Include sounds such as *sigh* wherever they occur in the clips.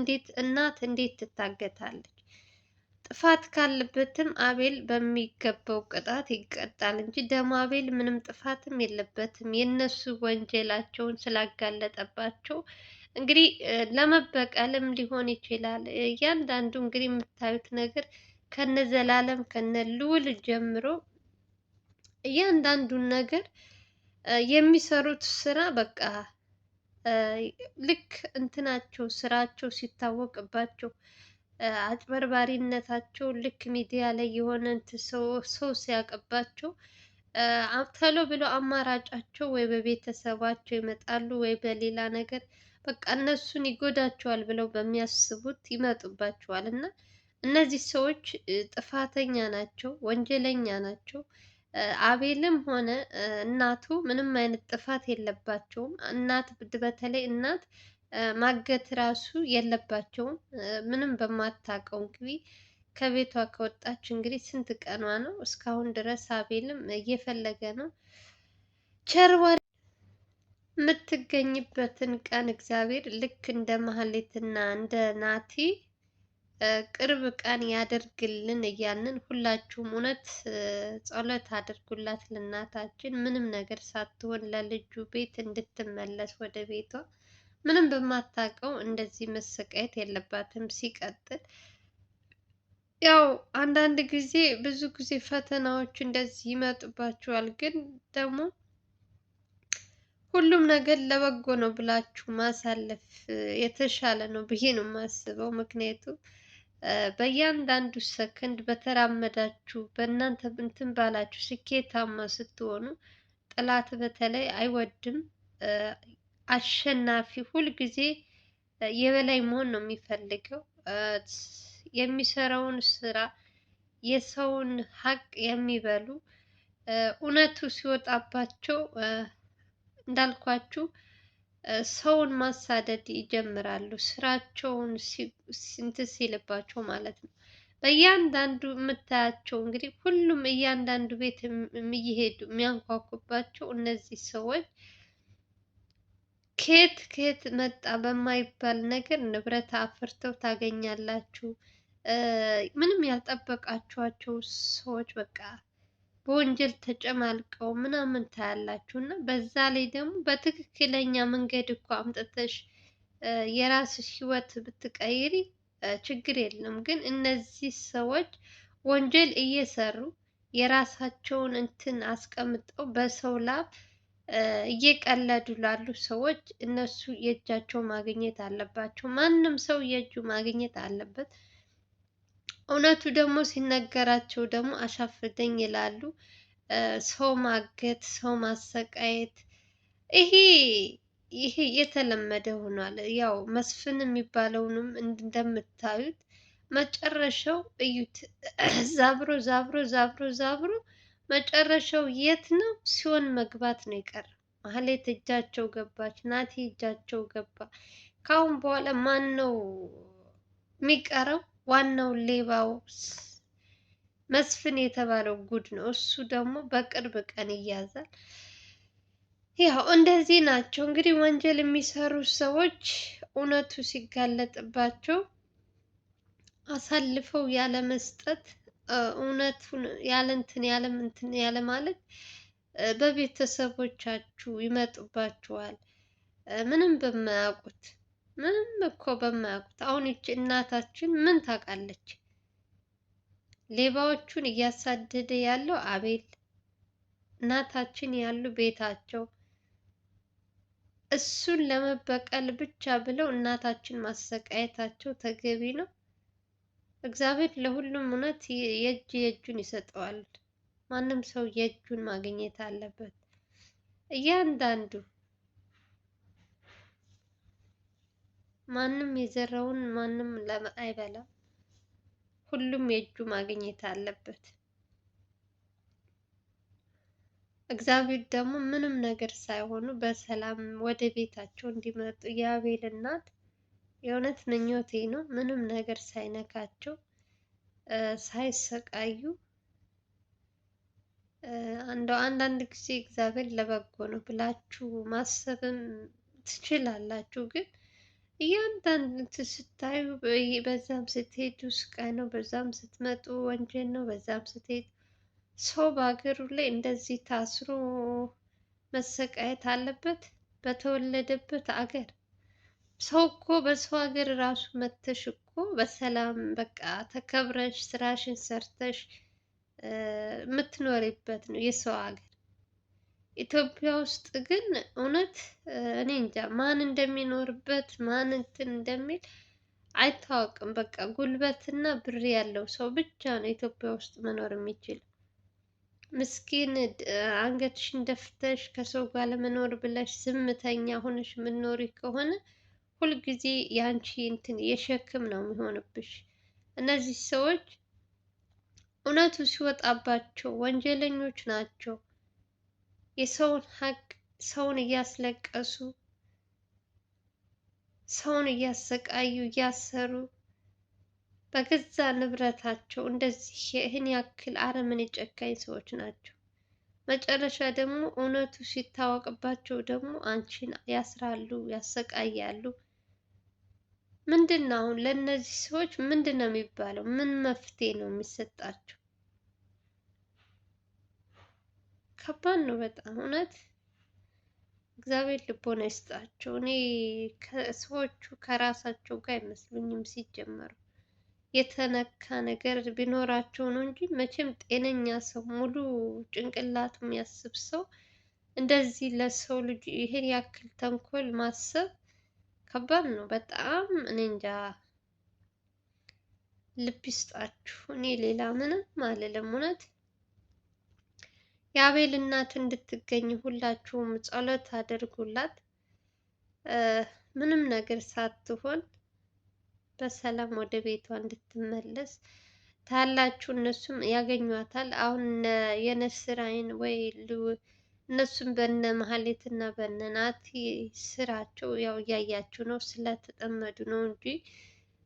እንዴት እናት እንዴት ትታገታለች? ጥፋት ካለበትም አቤል በሚገባው ቅጣት ይቀጣል እንጂ ደግሞ አቤል ምንም ጥፋትም የለበትም። የእነሱ ወንጀላቸውን ስላጋለጠባቸው እንግዲህ ለመበቀልም ሊሆን ይችላል። እያንዳንዱ እንግዲህ የምታዩት ነገር ከነ ዘላለም ከነ ልውል ጀምሮ እያንዳንዱን ነገር የሚሰሩት ስራ በቃ ልክ እንትናቸው ስራቸው ሲታወቅባቸው አጭበርባሪነታቸው ልክ ሚዲያ ላይ የሆነ ሰው ሲያቀባቸው ተሎ ብሎ አማራጫቸው ወይ በቤተሰባቸው ይመጣሉ ወይ በሌላ ነገር በቃ እነሱን ይጎዳቸዋል ብለው በሚያስቡት ይመጡባቸዋል እና እነዚህ ሰዎች ጥፋተኛ ናቸው፣ ወንጀለኛ ናቸው። አቤልም ሆነ እናቱ ምንም አይነት ጥፋት የለባቸውም። እናት በተለይ እናት ማገት ራሱ የለባቸውም። ምንም በማታውቀው እንግዲህ ከቤቷ ከወጣች እንግዲህ ስንት ቀኗ ነው? እስካሁን ድረስ አቤልም እየፈለገ ነው። ቸርዋ የምትገኝበትን ቀን እግዚአብሔር ልክ እንደ ማህሌትና እንደ ናቲ ቅርብ ቀን ያደርግልን እያልን ሁላችሁም እውነት ጸሎት አድርጉላት ለእናታችን ምንም ነገር ሳትሆን ለልጁ ቤት እንድትመለስ ወደ ቤቷ ምንም በማታውቀው እንደዚህ መሰቃየት የለባትም። ሲቀጥል ያው አንዳንድ ጊዜ ብዙ ጊዜ ፈተናዎች እንደዚህ ይመጡባችኋል። ግን ደግሞ ሁሉም ነገር ለበጎ ነው ብላችሁ ማሳለፍ የተሻለ ነው ብዬ ነው የማስበው ምክንያቱም በእያንዳንዱ ሰከንድ በተራመዳችሁ በእናንተ እንትን ባላችሁ ስኬታማ ስትሆኑ ጠላት በተለይ አይወድም። አሸናፊ ሁልጊዜ የበላይ መሆን ነው የሚፈልገው። የሚሰራውን ስራ የሰውን ሀቅ የሚበሉ እውነቱ ሲወጣባቸው እንዳልኳችሁ ሰውን ማሳደድ ይጀምራሉ። ስራቸውን ስንት ሲልባቸው ማለት ነው። በእያንዳንዱ የምታያቸው እንግዲህ ሁሉም እያንዳንዱ ቤት እየሄዱ የሚያንኳኩባቸው እነዚህ ሰዎች ከየት ከየት መጣ በማይባል ነገር ንብረት አፍርተው ታገኛላችሁ። ምንም ያልጠበቃችኋቸው ሰዎች በቃ በወንጀል ተጨማልቀው ምናምን ታያላችሁ። እና በዛ ላይ ደግሞ በትክክለኛ መንገድ እኮ አምጥተሽ የራስሽ ህይወት ብትቀይሪ ችግር የለም። ግን እነዚህ ሰዎች ወንጀል እየሰሩ የራሳቸውን እንትን አስቀምጠው በሰው ላብ እየቀለዱ ላሉ ሰዎች እነሱ የእጃቸው ማግኘት አለባቸው። ማንም ሰው የእጁ ማግኘት አለበት። እውነቱ ደግሞ ሲነገራቸው ደግሞ አሻፍደኝ ይላሉ። ሰው ማገት፣ ሰው ማሰቃየት ይሄ ይሄ የተለመደ ሆኗል። ያው መስፍን የሚባለውንም እንደምታዩት መጨረሻው እዩት። *clears throat* ዛብሮ ዛብሮ ዛብሮ ዛብሮ መጨረሻው የት ነው? ሲሆን መግባት ነው የቀረ። ማህሌት እጃቸው ገባች፣ ናቲ እጃቸው ገባ። ካሁን በኋላ ማን ነው የሚቀረው? ዋናው ሌባው መስፍን የተባለው ጉድ ነው። እሱ ደግሞ በቅርብ ቀን ይያዛል። ያው እንደዚህ ናቸው እንግዲህ ወንጀል የሚሰሩ ሰዎች እውነቱ ሲጋለጥባቸው አሳልፈው ያለ መስጠት እውነቱን ያለ እንትን ያለ እንትን ያለ ማለት በቤተሰቦቻችሁ ይመጡባችኋል ምንም በማያውቁት ምንም እኮ በማያውቁት አሁን ይቺ እናታችን ምን ታውቃለች? ሌባዎቹን እያሳደደ ያለው አቤል እናታችን ያሉ ቤታቸው እሱን ለመበቀል ብቻ ብለው እናታችን ማሰቃየታቸው ተገቢ ነው። እግዚአብሔር ለሁሉም እውነት የእጅ የእጁን ይሰጠዋል። ማንም ሰው የእጁን ማግኘት አለበት። እያንዳንዱ ማንም የዘራውን ማንም አይበላም። ሁሉም የእጁ ማግኘት አለበት። እግዚአብሔር ደግሞ ምንም ነገር ሳይሆኑ በሰላም ወደ ቤታቸው እንዲመጡ የአቤል እናት የእውነት ምኞቴ ነው። ምንም ነገር ሳይነካቸው ሳይሰቃዩ እንደው አንዳንድ ጊዜ እግዚአብሔር ለበጎ ነው ብላችሁ ማሰብም ትችላላችሁ ግን እያንዳንዱ ስታዩ በዛም ስትሄዱ ስቃይ ነው፣ በዛም ስትመጡ ወንጀል ነው፣ በዛም ስትሄዱ ሰው በሀገሩ ላይ እንደዚህ ታስሮ መሰቃየት አለበት? በተወለደበት አገር ሰው እኮ በሰው ሀገር ራሱ መተሽ እኮ በሰላም በቃ ተከብረሽ ስራሽን ሰርተሽ የምትኖሪበት ነው የሰው ሀገር። ኢትዮጵያ ውስጥ ግን እውነት እኔ እንጃ ማን እንደሚኖርበት ማን እንትን እንደሚል አይታወቅም። በቃ ጉልበትና ብር ያለው ሰው ብቻ ነው ኢትዮጵያ ውስጥ መኖር የሚችል። ምስኪን አንገትሽን ደፍተሽ ከሰው ጋር ለመኖር ብለሽ ዝምተኛ ሆነሽ የምትኖሪ ከሆነ ሁልጊዜ የአንቺ እንትን የሸክም ነው የሚሆንብሽ። እነዚህ ሰዎች እውነቱ ሲወጣባቸው ወንጀለኞች ናቸው። የሰውን ሀቅ ሰውን እያስለቀሱ ሰውን እያሰቃዩ እያሰሩ በገዛ ንብረታቸው እንደዚህ ይህን ያክል አረምን የጨካኝ ሰዎች ናቸው። መጨረሻ ደግሞ እውነቱ ሲታወቅባቸው ደግሞ አንቺን ያስራሉ፣ ያሰቃያሉ። ምንድን ነው አሁን ለእነዚህ ሰዎች ምንድን ነው የሚባለው? ምን መፍትሄ ነው የሚሰጣቸው? ከባድ ነው በጣም እውነት። እግዚአብሔር ልቦና ይስጣቸው። እኔ ሰዎቹ ከራሳቸው ጋር አይመስሉኝም ሲጀመሩ የተነካ ነገር ቢኖራቸው ነው እንጂ መቼም ጤነኛ ሰው ሙሉ ጭንቅላት የሚያስብ ሰው እንደዚህ ለሰው ልጅ ይሄን ያክል ተንኮል ማሰብ ከባድ ነው በጣም። እኔ እንጃ ልብ ይስጣችሁ። እኔ ሌላ ምንም አልልም እውነት የአቤል እናት እንድትገኝ ሁላችሁም ጸሎት አድርጉላት። ምንም ነገር ሳትሆን በሰላም ወደ ቤቷ እንድትመለስ ታላችሁ እነሱም ያገኟታል። አሁን አይን ወይ እነሱም በነ መሀሌት እና በነ ናቲ ስራቸው ያው እያያችሁ ነው፣ ስለተጠመዱ ነው እንጂ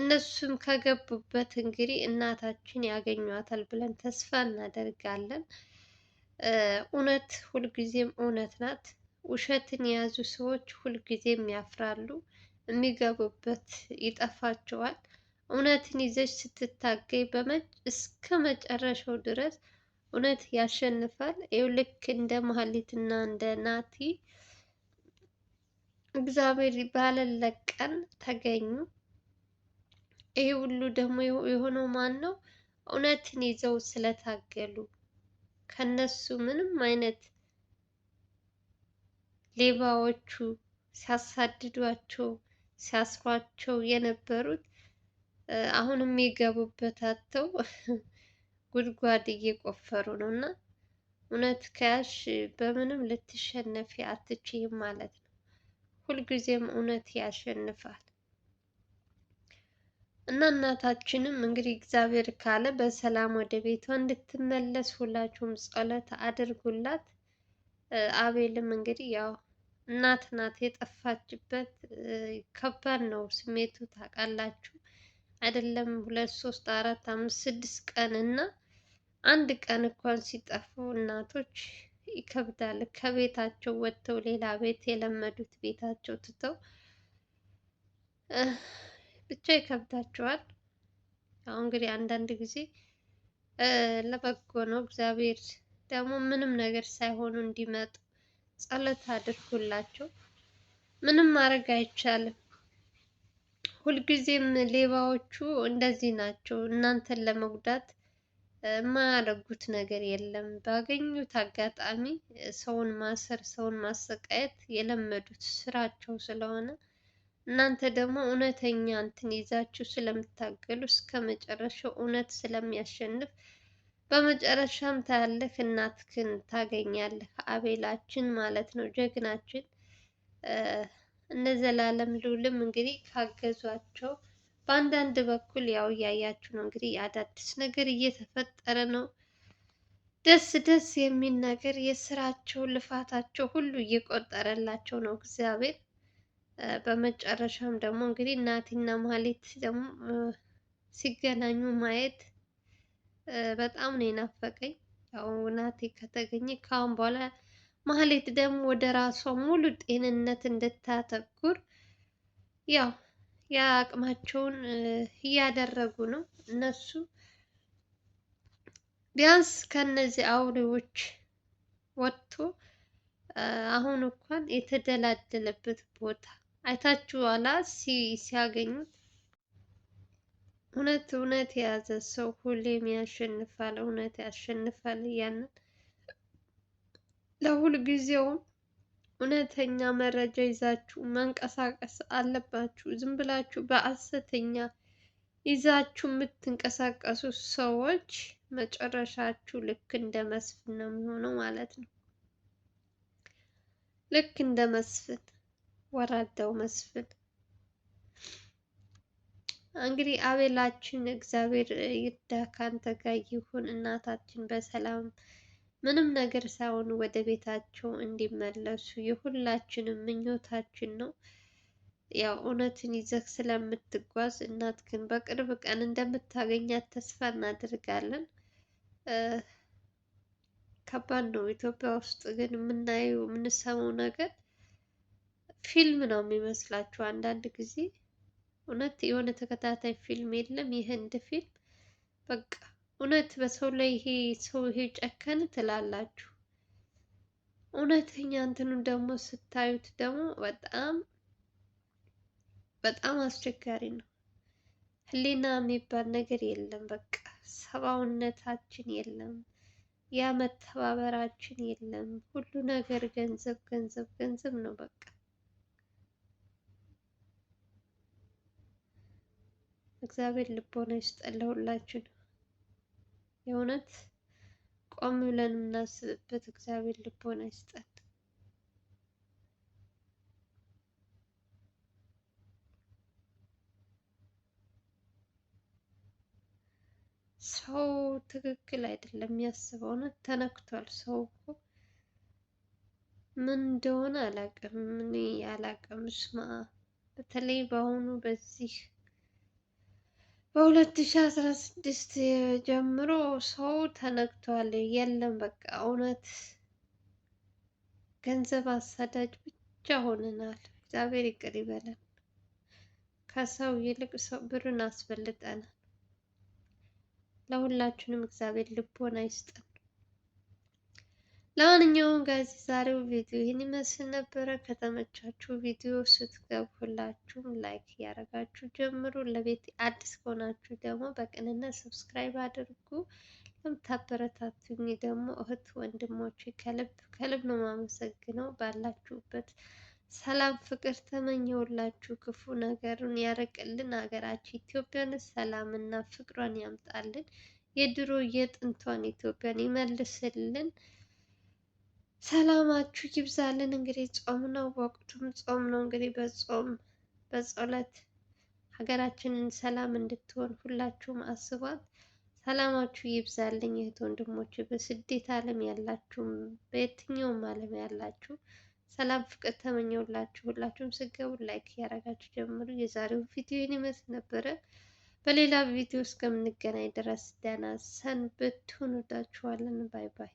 እነሱም ከገቡበት እንግዲህ እናታችን ያገኟታል ብለን ተስፋ እናደርጋለን። እውነት ሁልጊዜም እውነት ናት። ውሸትን የያዙ ሰዎች ሁልጊዜም ያፍራሉ፣ የሚገቡበት ይጠፋቸዋል። እውነትን ይዘች ስትታገይ በመጭ እስከ መጨረሻው ድረስ እውነት ያሸንፋል። ይኸው ልክ እንደ መሀሊትና እንደ ናቲ እግዚአብሔር ባለለት ቀን ተገኙ። ይህ ሁሉ ደግሞ የሆነው ማን ነው? እውነትን ይዘው ስለታገሉ ከነሱ ምንም አይነት ሌባዎቹ ሲያሳድዷቸው ሲያስሯቸው የነበሩት አሁን የሚገቡበት አጥተው *laughs* ጉድጓድ እየቆፈሩ ነው። እና እውነት ከያሽ በምንም ልትሸነፊ አትችይም ማለት ነው። ሁልጊዜም እውነት ያሸንፋል። እና እናታችንም እንግዲህ እግዚአብሔር ካለ በሰላም ወደ ቤቷ እንድትመለስ ሁላችሁም ጸሎት አድርጉላት። አቤልም እንግዲህ ያው እናት ናት የጠፋችበት፣ ከባድ ነው ስሜቱ ታውቃላችሁ አይደለም? ሁለት ሶስት አራት አምስት ስድስት ቀን እና አንድ ቀን እንኳን ሲጠፉ እናቶች ይከብዳል። ከቤታቸው ወጥተው ሌላ ቤት የለመዱት ቤታቸው ትተው ብቻ ይከብዳቸዋል። ያው እንግዲህ አንዳንድ ጊዜ ለበጎ ነው። እግዚአብሔር ደግሞ ምንም ነገር ሳይሆኑ እንዲመጡ ጸሎት አድርጉላቸው። ምንም ማድረግ አይቻልም። ሁልጊዜም ሌባዎቹ እንደዚህ ናቸው። እናንተን ለመጉዳት የማያደርጉት ነገር የለም። ባገኙት አጋጣሚ ሰውን ማሰር፣ ሰውን ማሰቃየት የለመዱት ስራቸው ስለሆነ እናንተ ደግሞ እውነተኛ እንትን ይዛችሁ ስለምታገሉ እስከ መጨረሻው እውነት ስለሚያሸንፍ በመጨረሻም ታያለህ፣ እናትህን ታገኛለህ። አቤላችን ማለት ነው ጀግናችን። እነ ዘላለም ልዑልም እንግዲህ ካገዟቸው በአንዳንድ በኩል ያው እያያችሁ ነው እንግዲህ አዳዲስ ነገር እየተፈጠረ ነው። ደስ ደስ የሚል ነገር የስራቸው ልፋታቸው ሁሉ እየቆጠረላቸው ነው እግዚአብሔር በመጨረሻም ደግሞ እንግዲህ ናቲና ማህሌት ደግሞ ሲገናኙ ማየት በጣም ነው የናፈቀኝ። ያው ናቲ ከተገኘ ከአሁን በኋላ ማህሌት ደግሞ ወደ ራሷ ሙሉ ጤንነት እንድታተኩር ያው የአቅማቸውን እያደረጉ ነው እነሱ ቢያንስ ከነዚህ አውሬዎች ወጥቶ አሁን እንኳን የተደላደለበት ቦታ አይታችኋላ ሲያገኙት እውነት እውነት የያዘ ሰው ሁሌም ያሸንፋል። እውነት ያሸንፋል። ያንን ለሁል ጊዜውም እውነተኛ መረጃ ይዛችሁ መንቀሳቀስ አለባችሁ። ዝም ብላችሁ በአሰተኛ ይዛችሁ የምትንቀሳቀሱ ሰዎች መጨረሻችሁ ልክ እንደ መስፍን ነው የሚሆነው ማለት ነው። ልክ እንደ መስፍን ወራዳው መስፍን እንግዲህ አቤላችን እግዚአብሔር ይርዳ፣ ካንተ ጋር ይሁን። እናታችን በሰላም ምንም ነገር ሳይሆን ወደ ቤታቸው እንዲመለሱ የሁላችንም ምኞታችን ነው። ያው እውነትን ይዘህ ስለምትጓዝ እናት ግን በቅርብ ቀን እንደምታገኛት ተስፋ እናደርጋለን። ከባድ ነው። ኢትዮጵያ ውስጥ ግን የምናየው የምንሰማው ነገር ፊልም ነው የሚመስላችሁ አንዳንድ ጊዜ እውነት የሆነ ተከታታይ ፊልም የለም። የህንድ ፊልም በቃ እውነት በሰው ላይ ይሄ ሰው ይሄ ጨከን ትላላችሁ። እውነተኛ እንትኑን ደግሞ ስታዩት ደግሞ በጣም በጣም አስቸጋሪ ነው። ህሊና የሚባል ነገር የለም። በቃ ሰብአውነታችን የለም፣ ያ መተባበራችን የለም። ሁሉ ነገር ገንዘብ ገንዘብ ገንዘብ ነው በቃ እግዚአብሔር ልቦና ይስጠን ለሁላችን። የእውነት ቆም ብለን የምናስብበት እግዚአብሔር ልቦና ይስጠን። ሰው ትክክል አይደለም የሚያስበው እውነት ተነክቷል። ሰው እኮ ምን እንደሆነ አላውቅም፣ እኔ አላውቅም። ስማ በተለይ በአሁኑ በዚህ በ2016 ጀምሮ ሰው ተነክቷል። የለም በቃ እውነት ገንዘብ አሳዳጅ ብቻ ሆነናል። እግዚአብሔር ይቅር ይበለን። ከሰው ይልቅ ሰው ብርን አስበልጠናል። ለሁላችንም እግዚአብሔር ልቦና ይስጠን። ለማንኛውም ጋዜ ዛሬው ቪዲዮ ይህን ይመስል ነበረ። ከተመቻችሁ ቪዲዮ ስትገቡ ሁላችሁም ላይክ እያደረጋችሁ ጀምሩ። ለቤት አዲስ ከሆናችሁ ደግሞ በቅንነት ሰብስክራይብ አድርጉ። ለምታበረታቱኝ ደግሞ እህት ወንድሞች ከልብ ከልብ ነው የማመሰግነው። ባላችሁበት ሰላም ፍቅር ተመኘውላችሁ። ክፉ ነገሩን ያርቅልን። ሀገራችን ኢትዮጵያን ሰላምና ፍቅሯን ያምጣልን። የድሮ የጥንቷን ኢትዮጵያን ይመልስልን። ሰላማችሁ ይብዛልን። እንግዲህ ጾም ነው፣ ወቅቱም ጾም ነው። እንግዲህ በጾም በጸሎት ሀገራችንን ሰላም እንድትሆን ሁላችሁም አስቧት። ሰላማችሁ ይብዛልኝ እህት ወንድሞች፣ በስደት ዓለም ያላችሁም በየትኛውም ዓለም ያላችሁ ሰላም ፍቅር ተመኘውላችሁ። ሁላችሁም ስገቡ ላይክ እያደረጋችሁ ጀምሩ። የዛሬውን ይህን ይመስል ነበረ። በሌላ ቪዲዮ እስከምንገናኝ ድረስ ደህና ሰንብቱ። እንወዳችኋለን። ባይ ባይ።